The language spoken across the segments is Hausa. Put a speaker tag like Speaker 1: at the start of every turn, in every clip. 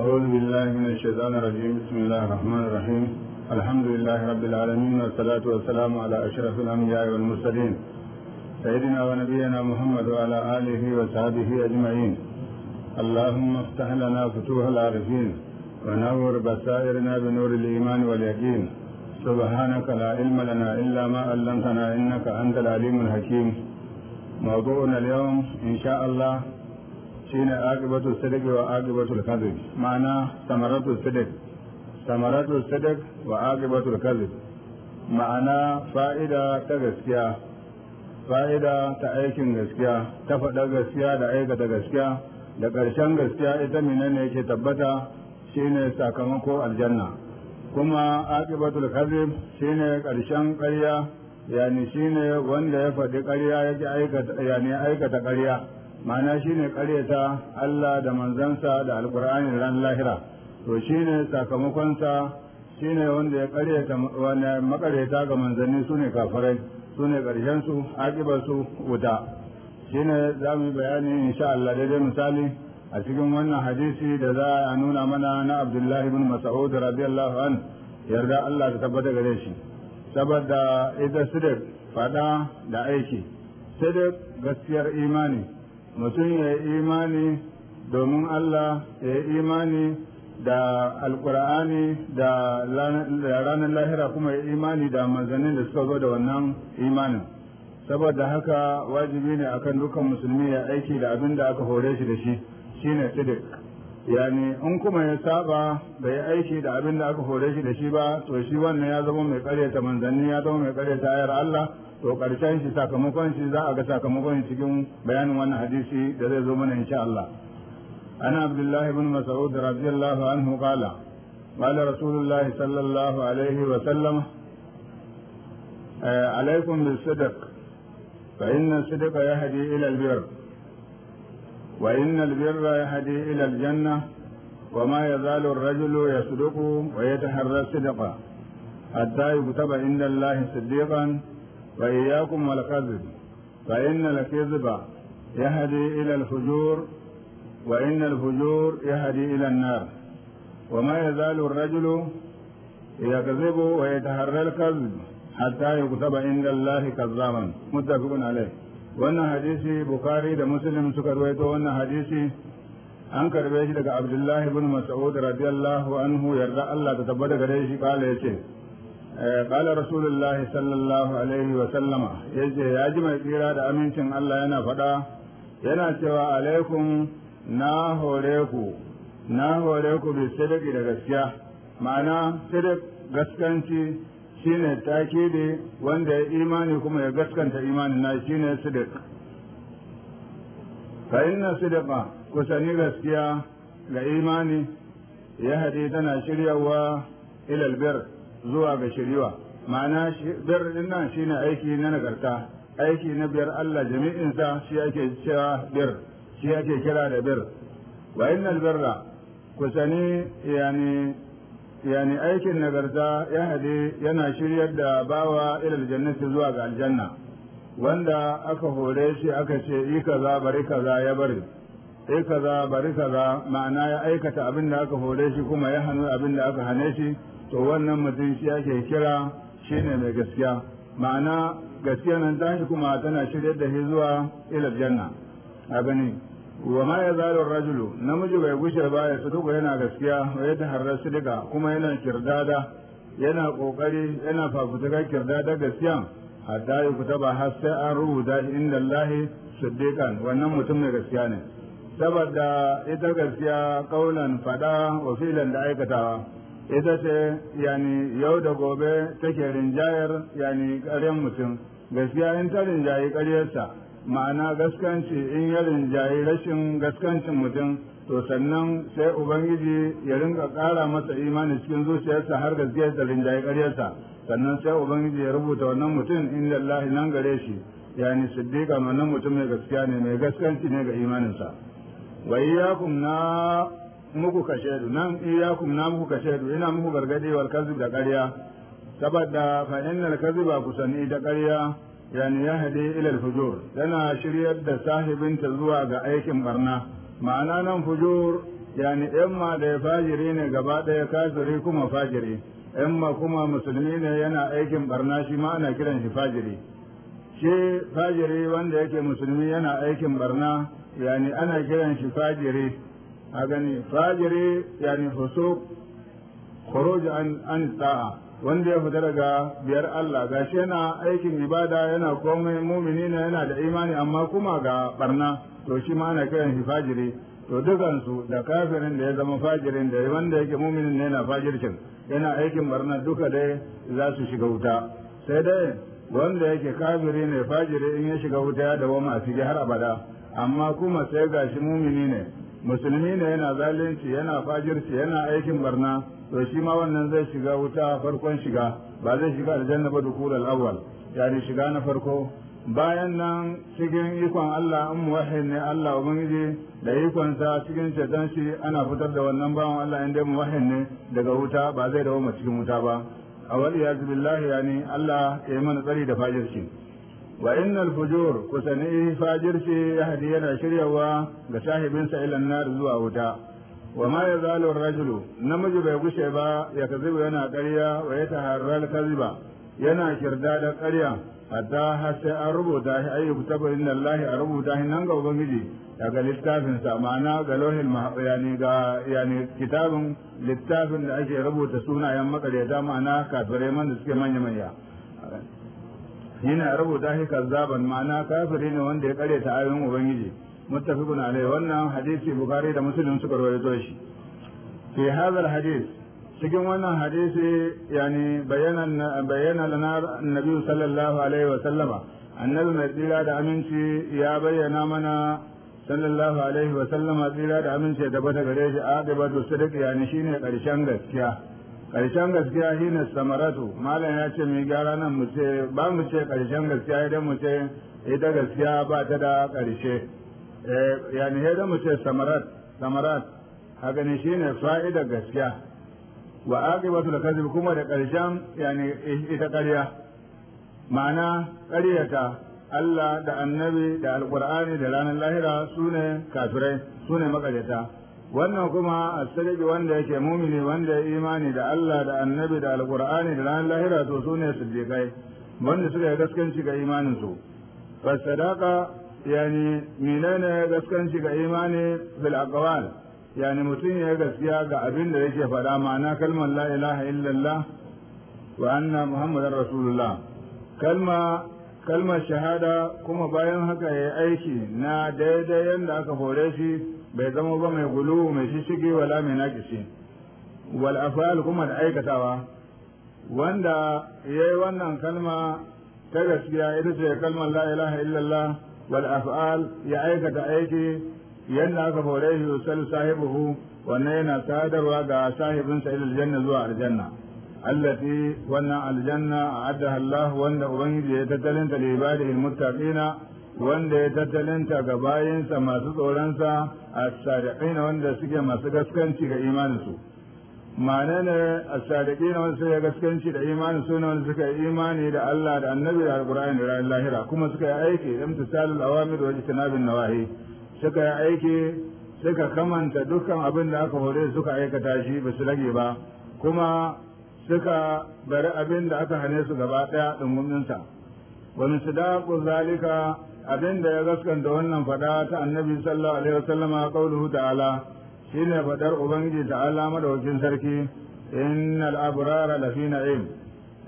Speaker 1: أعوذ بالله من الشيطان الرجيم بسم الله الرحمن الرحيم الحمد لله رب العالمين والصلاة والسلام على أشرف الأنبياء والمرسلين سيدنا ونبينا محمد وعلى آله وصحبه أجمعين اللهم افتح لنا فتوح العارفين ونور بصائرنا بنور الإيمان واليقين سبحانك لا علم لنا إلا ما علمتنا إنك أنت العليم الحكيم موضوعنا اليوم إن شاء الله shine aqibatul sadaq wa aqibatul kadhib ma'ana samaratu sadaq samaratu sadaq wa aqibatul kadhib ma'ana fa'ida ta gaskiya fa'ida ta aikin gaskiya ta faɗa gaskiya da aikata gaskiya da ƙarshen gaskiya ita mina ne ke tabbata shine sakamako aljanna kuma aqibatul kadhib shine ƙarshen ƙarya yani shine wanda ya faɗi ƙarya yake aikata yani aikata ƙarya ma'ana shi ne karyata Allah da manzansa da alkur'ani ran lahira to shi ne sakamakonsa shi ne wanda ya karyata wani makaryata ga manzanni sune kafirai sune ƙarshen su aƙibarsu wuta. wuta ne za mu yi bayani sha Allah daidai misali a cikin wannan hadisi da za a nuna mana na Abdullahi bin Mas'ud radiyallahu an yarda Allah ta tabbata gare shi saboda ita sidik fada da aiki sidik gaskiyar imani mutum ya yi imani domin Allah ya yi imani da alkur'ani da ranar lahira kuma ya yi imani da manzannin da suka zo da wannan imanin saboda haka wajibi ne akan dukkan musulmi ya aiki da abin da aka hore shi da shi shine tsidik yani in kuma ya saba da ya aiki da abin da aka hore shi da shi ba to shi wannan ya zama mai karyata manzanni ya zama mai karyata ayar Allah to karshen shi sakamakon shi za a ga sakamakon cikin bayanin wannan hadisi da zai zo mana insha Allah ana abdullahi ibn mas'ud radiyallahu anhu qala qala rasulullahi sallallahu alaihi wa sallam alaikum bisidq fa inna sidqa yahdi ila albir wa inna albirra yahdi ila aljanna وما يزال الرجل يصدق ويتحرى الصدق حتى يكتب عند الله صديقا وإياكم والكذب فإن الكذب يهدي إلى الفجور وإن الفجور يهدي إلى النار وما يزال الرجل يكذب ويتهرى الكذب حتى يكتب عند الله كذابا متفق عليه وأن حديث بخاري ده مسلم سكر وأن حديثي أن كربيش عبد الله بن مسعود رضي الله عنه يرضى الله تتبدأ قريشي قال قال رسول الله صلى الله عليه وسلم yace ya ji mai tsira da amincin Allah yana faɗa yana cewa alaikum na hore ku na hore ku bi sadaqi da gaskiya ma'ana sadaq gaskanci shine takidi wanda ya imani kuma ya gaskanta imanin na shine sadaq fa inna sadaqa sani gaskiya ga imani ya hadi tana shiryawa ilal bir zuwa ga shiriwa ma'ana birnin nan shi ne aiki na nagarta aiki na biyar Allah jami'insa shi ake cewa bir shi ake kira da bir wa innal birra kusani yani yani aikin nagarta ya hade yana shiryar da bawa ilal jannati zuwa ga aljanna wanda aka hore shi aka ce yi kaza bari kaza ya bari sai kaza bari kaza ma'ana ya aikata abin da aka hore shi kuma ya hannu abin da aka hane shi to wannan mutum shi ake kira shi ne mai gaskiya ma'ana gaskiya nan tashi kuma tana shirya da shi zuwa ila janna a gani wa ma ya rajulu namiji bai gushe ba ya su yana gaskiya wa da taharra sidika kuma yana kirdada yana kokari yana fafutukar kirdada gaskiya hatta ya kuta ba har sai an rubuta inda Allah siddiqan wannan mutum mai gaskiya ne saboda ita gaskiya kaunan fada wa filan da aikatawa ita ce yani yau da gobe take rinjayar yani ƙaryan mutum gaskiya in ta rinjayi ƙaryarsa ma'ana gaskanci in ya rinjayi rashin gaskancin mutum to sannan sai ubangiji ya rinka ƙara masa imani cikin zuciyarsa har gaskiyar ta rinjayi ƙaryarsa sannan sai ubangiji ya rubuta wannan mutum in lallahi nan gare shi yani siddiqa wannan mutum mai gaskiya ne mai gaskanci ne ga imaninsa wa iyyakum na muku kashedu nan iyyakum na muku kashedu ina muku gargadi wal kazib da ƙarya saboda fa innal kaziba kusani da ƙarya yani yahdi ila al fujur Yana shiryar da sahibinta zuwa ga aikin barna ma'ana nan fujur yani imma da ya fajiri ne gaba ɗaya kafiri kuma fajiri imma kuma musulmi ne yana aikin barna shi ma ana kiran shi fajiri shi fajiri wanda yake musulmi yana aikin barna yani ana kiran shi fajire a gani fajire yani fusuq khuruj an an sa'a. wanda ya fita daga biyar Allah gashi yana aikin ibada yana komai mumini ne yana da imani amma kuma ga barna to shi ma ana kiran shi fajiri to dukansu da kafirin da ya zama fajirin da wanda yake muminin ne yana fajircin yana aikin barna duka dai za su shiga wuta sai dai wanda yake kafiri ne fajiri in ya shiga wuta ya dawoma a ciki har abada amma kuma sai ga shi mumini ne musulmi ne yana zalunci yana fajirci yana aikin barna to shi ma wannan zai shiga wuta farkon shiga ba zai shiga aljanna ba dukul al-awwal yani shiga na farko bayan nan cikin ikon Allah an muwahhid ne Allah ubangiji da ikon sa cikin ceton shi ana fitar da wannan bawan Allah inda muwahhid ne daga wuta ba zai dawo cikin wuta ba awali ya billahi yani Allah ya yi mana tsari da fajirci wa innal fujur kusani shi yahdi yana shiryawa ga sahibinsa ila nar zuwa wuta wa ma yazalu rajulu namiji bai gushe ba ya kazibu yana ƙarya wa ya taharral kaziba yana kirda da ƙarya hatta har sai an rubuta shi ayi tabar inna allahi a rubuta shi nan ga ubangiji daga littafin sa ma'ana ga lohil yani ga yani kitabin littafin da ake rubuta sunayen maƙaryata ma'ana kafirai man da suke manya manya yana rubuta shi kazzaban ma'ana kafiri ne wanda ya kare ta ayoyin ubangiji muttafiqun alaihi wannan hadisi bukhari da muslim suka rawaito shi fi hadha hadis cikin wannan hadisi yani bayanan bayyana lana annabi sallallahu alaihi wa sallama annabi mai tsira da aminci ya bayyana mana sallallahu alaihi wa sallama tsira da aminci da bata gare shi aqibatu sidq yani shine karshen gaskiya ƙarshen gaskiya shi ne samaratu malam ya ce mai gyara nan mu ce ba mu ce ƙarshen gaskiya idan mu ce ita gaskiya ba ta da ƙarshe eh, yani idan mu ce samarat samarat haka ne shi ne fa'ida gaskiya wa wasu da kadhib kuma da ƙarshen yani ita ƙarya ma'ana ƙaryata Allah da annabi da alƙur'ani da ranar lahira su ne kafirai su ne maƙaryata wannan kuma a sarki wanda yake mumini wanda ya imani da Allah da annabi da alkur'ani da ranar lahira to su ne siddiqai wanda suka yi gaskanci ga imanin su sadaqa yani menene gaskanci ga imani bil aqwal yani mutum ya gaskiya ga abin da yake faɗa ma'ana kalmar la ilaha illallah wa anna muhammadar rasulullah kalma kalmar shahada kuma bayan haka ya aiki na daidai yadda aka hore shi bai zama ba mai gulu mai shishige wala mai naƙishi wal afal kuma da aikatawa wanda yayi wannan kalma ta gaskiya ita ce kalmar la ilaha illallah wal afal ya aikata aiki yadda aka hore shi yusal sahibuhu wannan yana sadarwa ga sahibinsa ilal janna zuwa aljanna allati wannan aljanna a'adaha Allah wanda ubangiji ya tattalinta li ibadihi muttaqina wanda ya tattalinta ga bayansa masu tsoronsa a na wanda suke masu gaskanci ga imaninsu ma'ana ne a sadiqina wanda suke gaskanci da imanin su ne wanda suka yi imani da Allah da annabi da Al-Qur'ani da ranar lahira kuma suka yi aiki imtisalul awamir wa jtinabin nawahi suka yi aiki suka kamanta dukkan abin da aka hore suka aikata shi ba su rage ba kuma suka bari abin da aka hane su gaba ɗaya ɗunguminsa wani su da zalika abin da ya gaskanta wannan faɗa ta annabi sallallahu alaihi wasallam a qauluhu ta'ala shine faɗar ubangiji ta'ala madaukin sarki innal abrara lafi na'im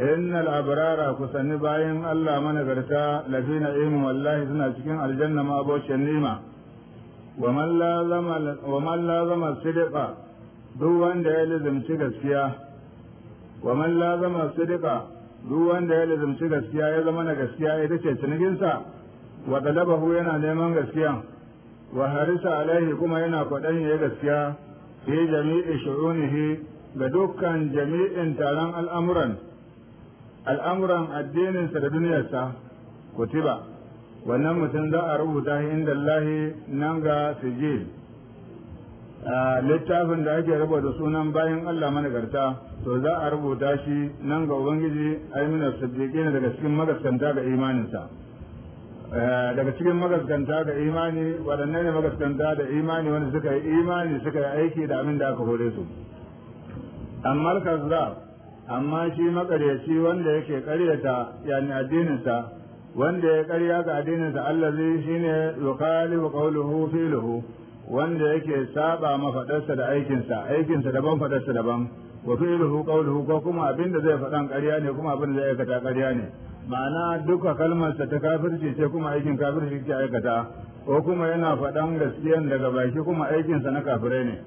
Speaker 1: innal abrara kusanni bayan Allah managarta lafi na'im wallahi suna cikin aljanna ma abocin nima wa man la zama sidqa duk wanda ya lazimci gaskiya wa man la zama sidqa duk wanda ya lazimci gaskiya ya zama na gaskiya ita ce cinikinsa wa galabahu yana neman gaskiya wa harisa alaihi kuma yana faɗan ya gaskiya fi jami'i shu'unihi ga dukkan jami'in taron al'amuran al'amuran addininsa da duniyarsa kutiba wannan mutum za a rubuta shi inda Lahi nan ga sijil littafin da ake rubuta sunan bayan Allah managarta to za a rubuta shi nan ga Ubangiji aiminar siddiƙi daga cikin magaskanta ga imaninsa. Eh, daga cikin magaskanta da imani waɗannan ne magaskanta da imani wanda suka yi imani suka yi aiki da amin da aka hore su amma kazzab amma shi makaryaci wanda yake karyata yani addininsa wanda ya karya ga addininsa allazi shine wa qawluhu filuhu wanda yake saba mafaɗarsa da aikinsa aikinsa daban fadarsa daban wa filuhu qawluhu ko kuma abinda zai faɗan karya ne kuma abinda zai aikata karya ne ma'ana duka kalmarsa ta kafirci ce kuma aikin kafirci ke aikata ko kuma yana faɗan gaskiyan daga baki kuma aikinsa na kafirai ne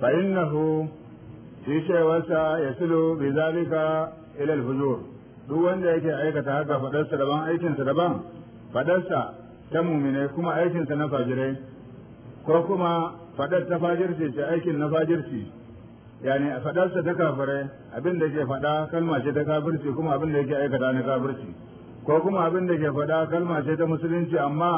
Speaker 1: fa innahu shi cewarsa ya silo bi zalika ila al-fujur duk wanda yake aikata haka faɗarsa daban aikinsa daban faɗarsa ta mumine kuma aikinsa na fajirai ko kuma faɗar ta fajirci ce aikin na fajirci yani a fadarsa ta kafirai abin da ke faɗa kalma ce ta kafirci kuma abin da yake aikata na kafirci ko kuma abin da ke faɗa kalma ce ta musulunci amma